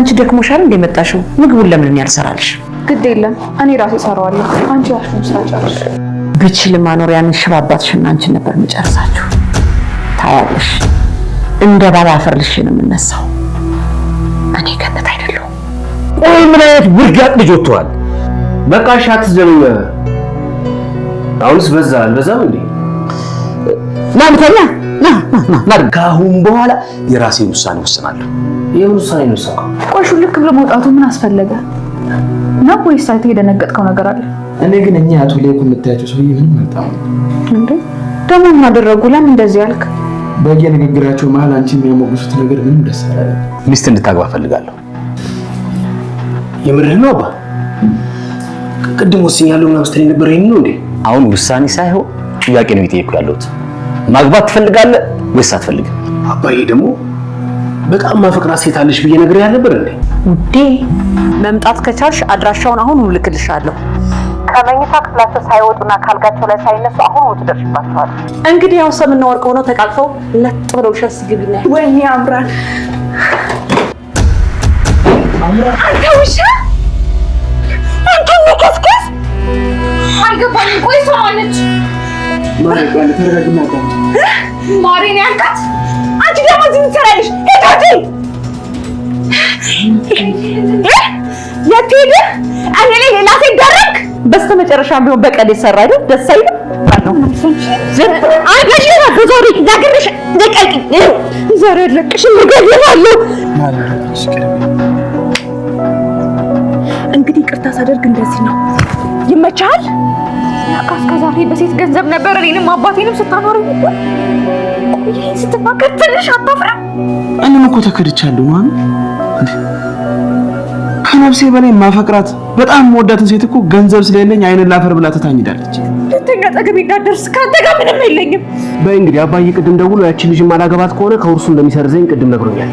አንቺ ደክሞሻል እንደመጣሽው ምግቡን ለምን ያልሰራልሽ? ግድ የለም እኔ ራሴ እሰራዋለሁ። አንቺ ያልሽውን ስራ ጨርሽ። ብችል ማኖር ያንን ሽባባትሽና አባትሽና አንቺን ነበር የምጨርሳችሁ። ታያለሽ፣ እንደ ባላ አፈር ነው የምነሳው። እኔ ገነት አይደለሁም። ቆይ ምን አይነት ውርጋጥ ልጅ ወጥተዋል? በቃሽ፣ አትዘኑኝ። አሁንስ በዛ አልበዛም እንዴ? ናምተኛ ና ና ና። ከአሁን በኋላ የራሴን ውሳኔ ወስናለሁ። የምን ውሳኔ ነው? ቆይ ሹልክ ብሎ መውጣቱ ምን አስፈለገ ነው? ወይስ ሳይት የደነገጥከው ነገር አለ? እኔ ግን እኛ አቶ ሌኩ የምታያቸው ሰውዬ ምንም አልጣሙም። እንዴ ደግሞ ምን አደረጉ? ለምን እንደዚህ ያልክ? በየንግግራቸው መሀል አንቺ የሚያሞግሱት ነገር ምንም ደስ አላለ። ሚስት እንድታግባ ፈልጋለሁ። የምርህ ነው አባ ቅድም ወስኛለሁ ምናምን ስትል ነበር። ይሄን ነው እንዴ? አሁን ውሳኔ ሳይሆን ጥያቄ ነው እየጠየኩ ያለሁት። ማግባት ትፈልጋለህ ወይስ አትፈልግም? አባዬ ደግሞ በጣም ማፈቅራት ሴት አለሽ ብዬ ነግሬህ አልነበር እንዴ? ውዴ መምጣት ከቻልሽ አድራሻውን አሁን እልክልሻለሁ። ከመኝታ ክፍላቸው ሳይወጡና ካልጋቸው ላይ ሳይነሱ አሁን ወጡ ደርሽባቸዋል። እንግዲህ ያው ሰምና ወርቅ ሆነው ተቃቅፈው ለጥ ብለው ሸስ ግቢና ወይኔ አምራን ውሻ አንተነከስከስ አልገባኝ። ቆይ ሰው አለች ማሬ ያልካት አንቺ ደግሞ እዚህ ምን ትሰሪያለሽ? ሄታቲ የት ሄድህ? እኔ ላይ ሌላ ሴት ደረግ። በስተመጨረሻም ቢሆን በቀል የሰራ አይደል? ደስ አይልም። እንግዲህ ቅርታ ሳደርግ እንደዚህ ነው። ይመቻል ያቃ እስከ ዛሬ በሴት ገንዘብ ነበር እኔንም አባቴንም ስታኖር ይባል ቆይህን ስትናገር ትንሽ አታፍራ? እኔም እኮ ተከድቻለሁ ማሚ። ከነፍሴ በላይ ማፈቅራት በጣም መወዳትን ሴት እኮ ገንዘብ ስለሌለኝ አይንን ላፈር ብላ ትታኝዳለች። ሁለተኛ ጠገብ እንዳደርስ ከአንተ ጋር ምንም የለኝም። በይ እንግዲህ አባዬ ቅድም ደውሎ ያችን ልጅ ማላገባት ከሆነ ከውርሱ እንደሚሰርዘኝ ቅድም ነግሮኛል።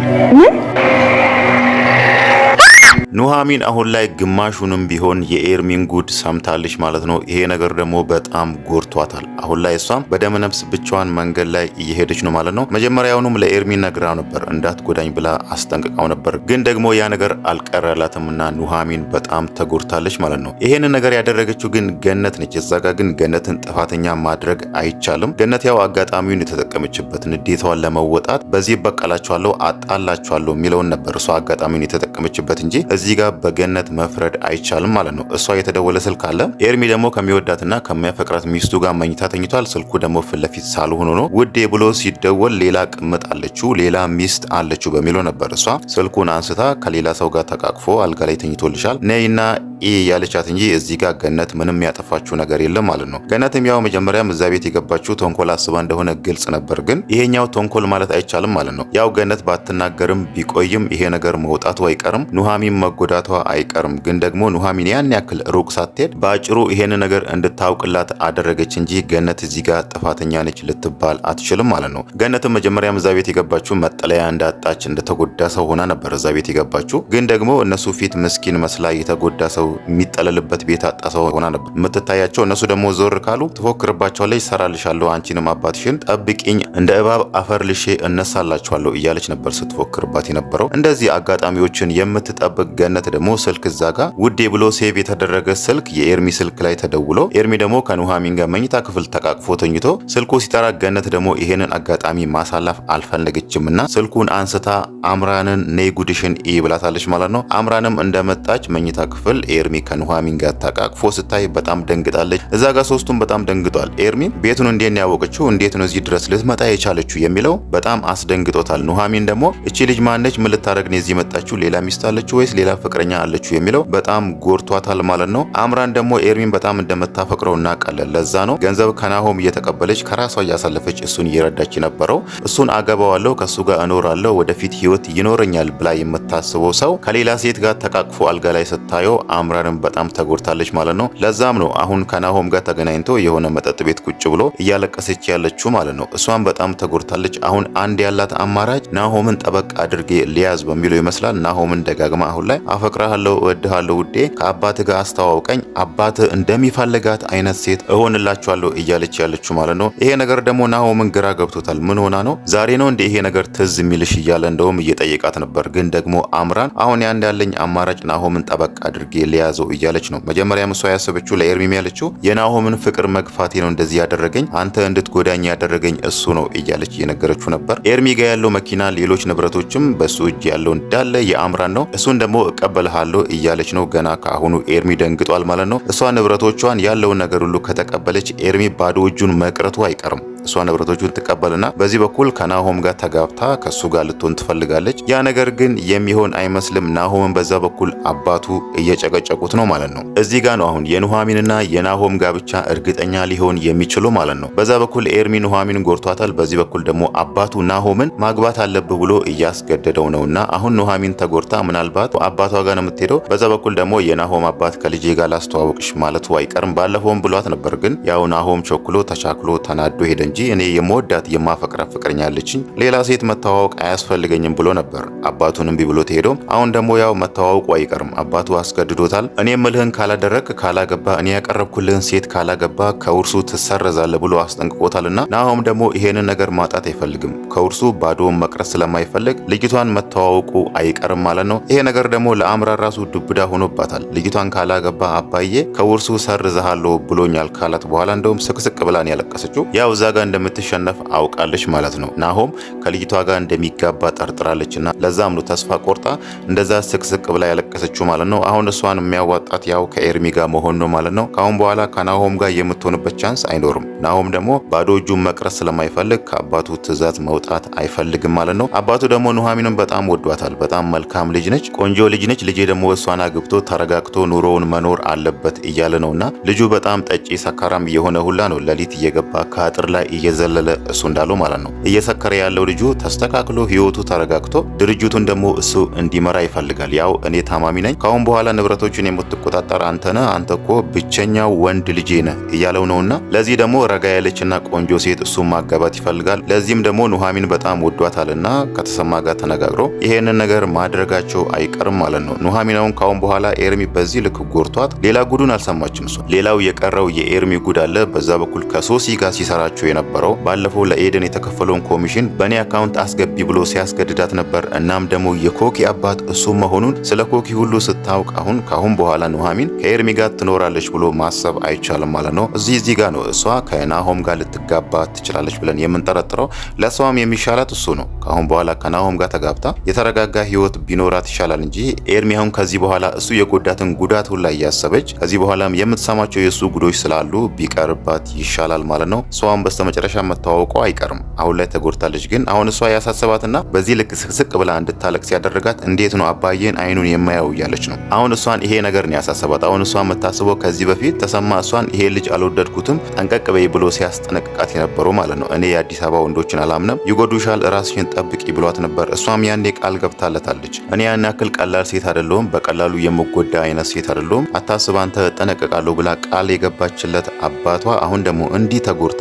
ኑሐሚን አሁን ላይ ግማሹንም ቢሆን የኤርሚን ጉድ ሰምታለች ማለት ነው። ይሄ ነገር ደግሞ በጣም ጎርቷታል። አሁን ላይ እሷም በደመነፍስ ብቻዋን መንገድ ላይ እየሄደች ነው ማለት ነው። መጀመሪያውኑም ለኤርሚን ነግራ ነበር እንዳትጎዳኝ ብላ አስጠንቅቃው ነበር። ግን ደግሞ ያ ነገር አልቀረላትም እና ኑሐሚን በጣም ተጎድታለች ማለት ነው። ይሄንን ነገር ያደረገችው ግን ገነት ነች። እዛ ጋ ግን ገነትን ጥፋተኛ ማድረግ አይቻልም። ገነት ያው አጋጣሚውን የተጠቀመችበት ንዴታዋን ለመወጣት በዚህ በቀላችኋለሁ፣ አጣላችኋለሁ የሚለውን ነበር እሷ አጋጣሚውን የተጠቀመችበት እንጂ እዚህ ጋር በገነት መፍረድ አይቻልም ማለት ነው። እሷ የተደወለ ስልክ አለ። ኤርሚ ደግሞ ከሚወዳትና ከሚያፈቅራት ሚስቱ ጋር መኝታ ተኝቷል። ስልኩ ደግሞ ፊት ለፊት ሳሉ ነው ውዴ ብሎ ሲደወል ሌላ ቅምጥ አለችው፣ ሌላ ሚስት አለችው በሚለው ነበር። እሷ ስልኩን አንስታ ከሌላ ሰው ጋር ተቃቅፎ አልጋ ላይ ተኝቶልሻል ነይና ኢ ያለቻት እንጂ እዚህ ጋር ገነት ምንም ያጠፋችው ነገር የለም ማለት ነው። ገነትም ያው መጀመሪያም እዛ ቤት የገባችው ተንኮል አስባ እንደሆነ ግልጽ ነበር፣ ግን ይሄኛው ተንኮል ማለት አይቻልም ማለት ነው። ያው ገነት ባትናገርም ቢቆይም ይሄ ነገር መውጣቱ አይቀርም፣ ኑሐሚን መጎዳቷ አይቀርም። ግን ደግሞ ኑሐሚን ያን ያክል ሩቅ ሳትሄድ በአጭሩ ይሄን ነገር እንድታውቅላት አደረገች እንጂ ገነት እዚህ ጋር ጥፋተኛ ነች ልትባል አትችልም ማለት ነው። ገነትም መጀመሪያም እዛ ቤት የገባችው መጠለያ እንዳጣች እንደተጎዳ ሰው ሆና ነበር እዛ ቤት የገባችው። ግን ደግሞ እነሱ ፊት ምስኪን መስላ የተጎዳ ሰው የሚጠለልበት ቤት አጣ ሰው ሆና ነበር የምትታያቸው። እነሱ ደግሞ ዞር ካሉ ትፎክርባቸዋለች። ሰራልሻለሁ፣ አንቺንም አባትሽን ጠብቂኝ፣ እንደ እባብ አፈር ልሼ እነሳላችኋለሁ እያለች ነበር ስትፎክርባት የነበረው። እንደዚህ አጋጣሚዎችን የምትጠብቅ ገነት ደግሞ ስልክ እዛ ጋ ውዴ ብሎ ሴቭ የተደረገ ስልክ የኤርሚ ስልክ ላይ ተደውሎ ኤርሚ ደግሞ ከኑሃሚን ጋር መኝታ ክፍል ተቃቅፎ ተኝቶ ስልኩ ሲጠራ ገነት ደግሞ ይሄንን አጋጣሚ ማሳለፍ አልፈለገችም እና ስልኩን አንስታ አምራንን ኔጉድሽን ብላታለች ማለት ነው። አምራንም እንደመጣች መኝታ ክፍል ኤርሚ ከኑሐሚን ጋር ተቃቅፎ ስታይ በጣም ደንግጣለች። እዛ ጋር ሶስቱም በጣም ደንግጧል። ኤርሚ ቤቱን እንዴት ነው ያወቀችው? እንዴት ነው እዚህ ድረስ ልትመጣ የቻለችው? የሚለው በጣም አስደንግጦታል። ኑሐሚን ደግሞ እቺ ልጅ ማነች? ምን ልታደረግ ነው እዚህ መጣችው? ሌላ ሚስት አለችው ወይስ ሌላ ፍቅረኛ አለችው? የሚለው በጣም ጎርቷታል ማለት ነው። አምራን ደግሞ ኤርሚን በጣም እንደምታፈቅረው እናውቃለን። ለዛ ነው ገንዘብ ከናሆም እየተቀበለች ከራሷ እያሳለፈች እሱን እየረዳች ነበረው እሱን አገባዋለሁ፣ ከእሱ ጋር እኖራለሁ፣ ወደፊት ህይወት ይኖረኛል ብላ የምታስበው ሰው ከሌላ ሴት ጋር ተቃቅፎ አልጋ ላይ ስታየው አምራንም በጣም ተጎድታለች ማለት ነው። ለዛም ነው አሁን ከናሆም ጋር ተገናኝቶ የሆነ መጠጥ ቤት ቁጭ ብሎ እያለቀሰች ያለችው ማለት ነው። እሷም በጣም ተጎድታለች። አሁን አንድ ያላት አማራጭ ናሆምን ጠበቅ አድርጌ ሊያዝ በሚለው ይመስላል። ናሆምን ደጋግማ አሁን ላይ አፈቅርሃለሁ፣ እወድሃለሁ ውዴ፣ ከአባት ጋር አስተዋውቀኝ፣ አባት እንደሚፈልጋት አይነት ሴት እሆንላችኋለሁ እያለች ያለችው ማለት ነው። ይሄ ነገር ደግሞ ናሆምን ግራ ገብቶታል። ምን ሆና ነው ዛሬ ነው እንደ ይሄ ነገር ትዝ የሚልሽ እያለ እንደውም እየጠየቃት ነበር። ግን ደግሞ አምራን አሁን ያንድ ያለኝ አማራጭ ናሆምን ጠበቅ አድርጌ የያዘው እያለች ነው። መጀመሪያም እሷ ያሰበችው ለኤርሚም ያለችው የናሆምን ፍቅር መግፋቴ ነው እንደዚህ ያደረገኝ አንተ እንድትጎዳኝ ያደረገኝ እሱ ነው እያለች እየነገረችው ነበር። ኤርሚ ጋ ያለው መኪና፣ ሌሎች ንብረቶችም በሱ እጅ ያለው እንዳለ የአምራን ነው። እሱን ደግሞ እቀበልሃለሁ እያለች ነው። ገና ከአሁኑ ኤርሚ ደንግጧል ማለት ነው። እሷ ንብረቶቿን ያለውን ነገር ሁሉ ከተቀበለች ኤርሚ ባዶ እጁን መቅረቱ አይቀርም። እሷ ንብረቶቹን ትቀበልና በዚህ በኩል ከናሆም ጋር ተጋብታ ከሱ ጋር ልትሆን ትፈልጋለች። ያ ነገር ግን የሚሆን አይመስልም። ናሆምን በዛ በኩል አባቱ እየጨቀጨቁት ነው ማለት ነው። እዚህ ጋር ነው አሁን የኑሐሚንና የናሆም ጋብቻ እርግጠኛ ሊሆን የሚችሉ ማለት ነው። በዛ በኩል ኤርሚ ኑሐሚንን ጎርቷታል። በዚህ በኩል ደግሞ አባቱ ናሆምን ማግባት አለብህ ብሎ እያስገደደው ነውና አሁን ኑሐሚን ተጎርታ ምናልባት አባቷ ጋር ነው የምትሄደው። በዛ በኩል ደግሞ የናሆም አባት ከልጄ ጋር ላስተዋወቅሽ ማለቱ አይቀርም ባለፈውም ብሏት ነበር። ግን ያው ናሆም ቸኩሎ ተቻክሎ ተናዶ ሄደ እንጂ እንጂ እኔ የመወዳት የማፈቅራት ፍቅረኛ አለችኝ፣ ሌላ ሴት መተዋወቅ አያስፈልገኝም ብሎ ነበር። አባቱን እምቢ ብሎ ሄዶ አሁን ደግሞ ያው መተዋወቁ አይቀርም፣ አባቱ አስገድዶታል። እኔ ምልህን ካላደረግ ካላገባ፣ እኔ ያቀረብኩልህን ሴት ካላገባ ከውርሱ ትሰረዛለ ብሎ አስጠንቅቆታልና ናሆም ደግሞ ይሄንን ነገር ማጣት አይፈልግም። ከውርሱ ባዶውን መቅረት ስለማይፈልግ ልጅቷን መተዋወቁ አይቀርም ማለት ነው። ይሄ ነገር ደግሞ ለአምራ ራሱ ዱብዳ ሆኖባታል። ልጅቷን ካላገባ አባዬ ከውርሱ ሰርዝሃለሁ ብሎኛል ካላት በኋላ እንደውም ስቅስቅ ብላን ያለቀሰችው ያው እዛ እንደምትሸነፍ አውቃለች ማለት ነው። ናሆም ከልጅቷ ጋር እንደሚጋባ ጠርጥራለች እና ለዛም ነው ተስፋ ቆርጣ እንደዛ ስቅስቅ ብላ ያለቀሰችው ማለት ነው። አሁን እሷን የሚያዋጣት ያው ከኤርሚ ጋር መሆን ነው ማለት ነው። ከአሁን በኋላ ከናሆም ጋር የምትሆንበት ቻንስ አይኖርም። ናሆም ደግሞ ባዶ እጁን መቅረት ስለማይፈልግ ከአባቱ ትዕዛዝ መውጣት አይፈልግም ማለት ነው። አባቱ ደግሞ ኑሐሚንን በጣም ወዷታል። በጣም መልካም ልጅ ነች፣ ቆንጆ ልጅ ነች። ልጄ ደግሞ እሷን አግብቶ ተረጋግቶ ኑሮውን መኖር አለበት እያለ ነውና ልጁ በጣም ጠጪ ሰካራም የሆነ ሁላ ነው። ሌሊት እየገባ ከአጥር ላይ እየዘለለ እሱ እንዳለው ማለት ነው እየሰከረ ያለው ልጁ ተስተካክሎ ህይወቱ ተረጋግቶ ድርጅቱን ደግሞ እሱ እንዲመራ ይፈልጋል። ያው እኔ ታማሚ ነኝ፣ ካሁን በኋላ ንብረቶችን የምትቆጣጠር አንተ ነህ፣ አንተ እኮ ብቸኛው ወንድ ልጄ ነህ እያለው ነውና ለዚህ ደግሞ ረጋ ያለችና ቆንጆ ሴት እሱ ማጋባት ይፈልጋል። ለዚህም ደግሞ ኑሐሚን በጣም ወዷታልና ከተሰማ ጋር ተነጋግሮ ይሄንን ነገር ማድረጋቸው አይቀርም ማለት ነው። ኑሐሚን ካሁን በኋላ ኤርሚ በዚህ ልክ ጎርቷት ሌላ ጉዱን አልሰማችም። እሷ ሌላው የቀረው የኤርሚ ጉድ አለ። በዛ በኩል ከሶሲ ጋር ሲሰራቸው የነበረው ባለፈው ለኤደን የተከፈለውን ኮሚሽን በእኔ አካውንት አስገቢ ብሎ ሲያስገድዳት ነበር። እናም ደግሞ የኮኪ አባት እሱ መሆኑን ስለ ኮኪ ሁሉ ስታውቅ አሁን ካሁን በኋላ ኑሐሚን ከኤርሚ ጋር ትኖራለች ብሎ ማሰብ አይቻልም ማለት ነው። እዚህ እዚህ ጋር ነው እሷ ከናሆም ጋር ልትጋባ ትችላለች ብለን የምንጠረጥረው። ለእሷም የሚሻላት እሱ ነው። ካሁን በኋላ ከናሆም ጋር ተጋብታ የተረጋጋ ህይወት ቢኖራት ይሻላል እንጂ ኤርሚ አሁን ከዚህ በኋላ እሱ የጎዳትን ጉዳት ሁላ እያሰበች ከዚህ በኋላም የምትሰማቸው የእሱ ጉዶች ስላሉ ቢቀርባት ይሻላል ማለት ነው። እሷም በስተ መጨረሻ መተዋወቁ አይቀርም። አሁን ላይ ተጎድታለች። ግን አሁን እሷ ያሳሰባትና በዚህ ልክ ስቅስቅ ብላ እንድታለቅስ ያደረጋት እንዴት ነው አባዬን አይኑን የማያው እያለች ነው። አሁን እሷን ይሄ ነገር ነው ያሳሰባት። አሁን እሷ የምታስበው ከዚህ በፊት ተሰማ እሷን ይሄ ልጅ አልወደድኩትም ጠንቀቅ በይ ብሎ ሲያስጠነቅቃት የነበረው ማለት ነው። እኔ የአዲስ አበባ ወንዶችን አላምነም፣ ይጎዱሻል፣ ራስሽን ጠብቂ ብሏት ነበር። እሷም ያኔ ቃል ገብታለታለች። እኔ ያን ያክል ቀላል ሴት አይደለሁም፣ በቀላሉ የምጎዳ አይነት ሴት አይደለሁም፣ አታስብ አንተ እጠነቀቃለሁ ብላ ቃል የገባችለት አባቷ አሁን ደግሞ እንዲህ ተጎድታ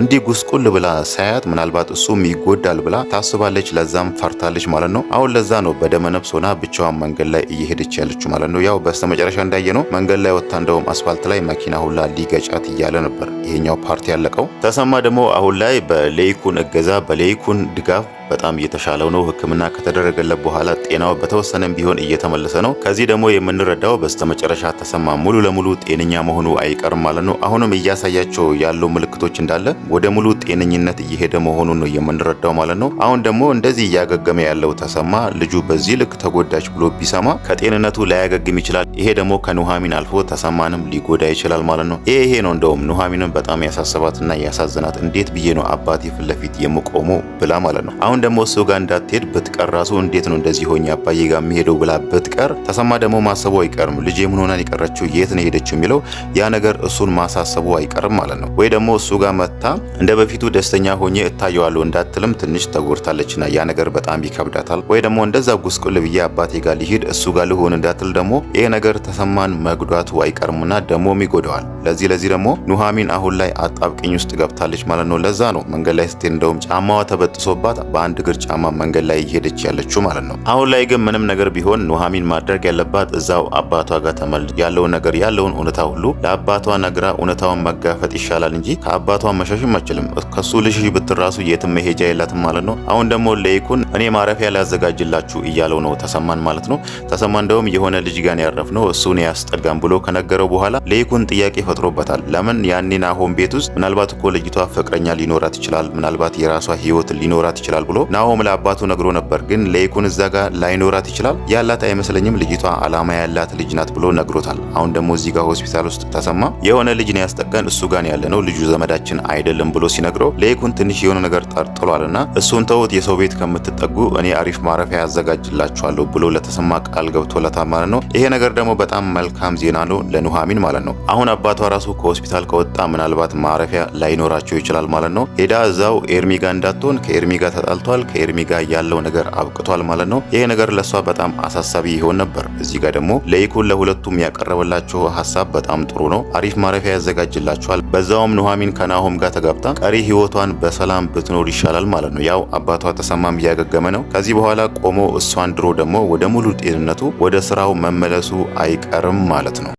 እንዲ እንዲህ ጉስቁል ብላ ሳያት ምናልባት እሱም ይጎዳል ብላ ታስባለች። ለዛም ፈርታለች ማለት ነው። አሁን ለዛ ነው በደመነፍስ ሆና ብቻዋን መንገድ ላይ እየሄደች ያለች ማለት ነው። ያው በስተመጨረሻ እንዳየ ነው መንገድ ላይ ወጥታ እንደውም አስፋልት ላይ መኪና ሁላ ሊገጫት እያለ ነበር ይሄኛው ፓርቲ ያለቀው። ተሰማ ደግሞ አሁን ላይ በሌይኩን እገዛ በሌይኩን ድጋፍ በጣም እየተሻለው ነው። ህክምና ከተደረገለት በኋላ ጤናው በተወሰነም ቢሆን እየተመለሰ ነው። ከዚህ ደግሞ የምንረዳው በስተመጨረሻ ተሰማ ሙሉ ለሙሉ ጤነኛ መሆኑ አይቀርም ማለት ነው። አሁንም እያሳያቸው ያለው ምልክቶች እንዳለ ወደ ሙሉ ጤነኝነት እየሄደ መሆኑን ነው የምንረዳው ማለት ነው። አሁን ደግሞ እንደዚህ እያገገመ ያለው ተሰማ ልጁ በዚህ ልክ ተጎዳች ብሎ ቢሰማ ከጤንነቱ ላያገግም ይችላል። ይሄ ደግሞ ከኑሐሚን አልፎ ተሰማንም ሊጎዳ ይችላል ማለት ነው። ይሄ ይሄ ነው እንደውም ኑሐሚንም በጣም ያሳሰባትና ያሳዝናት እንዴት ብዬ ነው አባቴ ፊት ለፊት የምቆመው ብላ ማለት ነው። አሁን ተሰማን ደግሞ እሱ ጋር እንዳትሄድ ብትቀር ራሱ እንዴት ነው እንደዚህ ሆኜ አባዬ ጋር የሚሄደው ብላ ብትቀር፣ ተሰማ ደግሞ ማሰቡ አይቀርም። ልጄ ምን ሆናን የቀረችው የት ነው ሄደችው የሚለው ያ ነገር እሱን ማሳሰቡ አይቀርም ማለት ነው። ወይ ደግሞ እሱ ጋር መታ እንደ በፊቱ ደስተኛ ሆኜ እታየዋለሁ እንዳትልም ትንሽ ተጎድታለችና ያ ነገር በጣም ይከብዳታል። ወይ ደግሞ እንደዛ ጉስቁል ብዬ አባቴ ጋር ሊሄድ እሱ ጋር ልሆን እንዳትል ደግሞ ይሄ ነገር ተሰማን መጉዳቱ አይቀርምና ደግሞም ይጎደዋል። ለዚህ ለዚህ ደግሞ ኑሐሚን አሁን ላይ አጣብቅኝ ውስጥ ገብታለች ማለት ነው። ለዛ ነው መንገድ ላይ ስትሄድ እንደውም ጫማዋ ተበጥሶባት በአንድ እግር ጫማ መንገድ ላይ እየሄደች ያለችው ማለት ነው። አሁን ላይ ግን ምንም ነገር ቢሆን ኑሐሚን ማድረግ ያለባት እዛው አባቷ ጋር ተመል ያለውን ነገር ያለውን እውነታ ሁሉ ለአባቷ ነግራ እውነታውን መጋፈጥ ይሻላል እንጂ ከአባቷ መሸሽም አችልም። ከሱ ልሽ ብትራሱ የትም መሄጃ የላትም ማለት ነው። አሁን ደግሞ ለይኩን እኔ ማረፊያ ላዘጋጅላችሁ እያለው ነው ተሰማን ማለት ነው። ተሰማን እንደውም የሆነ ልጅ ጋር ያረፍ ነው እሱን ያስጠጋም ብሎ ከነገረው በኋላ ለይኩን ጥያቄ ፈጥሮበታል። ለምን ያኔን ናሆም ቤት ውስጥ ምናልባት እኮ ልጅቷ ፍቅረኛ ሊኖራት ይችላል፣ ምናልባት የራሷ ህይወት ሊኖራት ይችላል ብሎ ናሆም ለአባቱ ነግሮ ነበር። ግን ለይኩን እዛ ጋር ላይኖራት ይችላል ያላት አይመስለኝም ልጅቷ አላማ ያላት ልጅ ናት ብሎ ነግሮታል። አሁን ደግሞ እዚህ ጋር ሆስፒታል ውስጥ ተሰማ የሆነ ልጅ ነው ያስጠቀን እሱ ጋን ያለ ነው ልጁ ዘመዳችን አይደለም ብሎ ሲነግረው ለይኩን ትንሽ የሆነ ነገር ጠርጥሏልና እሱን ተውት የሰው ቤት ከምትጠጉ እኔ አሪፍ ማረፊያ ያዘጋጅላችኋለሁ ብሎ ለተሰማ ቃል ገብቶለታል ማለት ነው። ይሄ ነገር ደግሞ በጣም መልካም ዜና ነው ለኑሐሚን ማለት ነው። አሁን አባቷ ራሱ ከሆስፒታል ከወጣ ምናልባት ማረፊያ ላይኖራቸው ይችላል ማለት ነው። ሄዳ እዛው ኤርሚ ጋ እንዳትሆን ከኤርሚ ጋ ተጣል ተጣልቷል ከኤርሚ ጋር ያለው ነገር አብቅቷል ማለት ነው። ይሄ ነገር ለሷ በጣም አሳሳቢ ይሆን ነበር። እዚህ ጋር ደግሞ ለይኩን ለሁለቱም ያቀረበላቸው ሀሳብ በጣም ጥሩ ነው። አሪፍ ማረፊያ ያዘጋጅላቸዋል። በዛውም ኑሐሚን ከናሆም ጋር ተጋብታ ቀሪ ህይወቷን በሰላም ብትኖር ይሻላል ማለት ነው። ያው አባቷ ተሰማም እያገገመ ነው። ከዚህ በኋላ ቆሞ እሷን ድሮ ደግሞ ወደ ሙሉ ጤንነቱ ወደ ስራው መመለሱ አይቀርም ማለት ነው።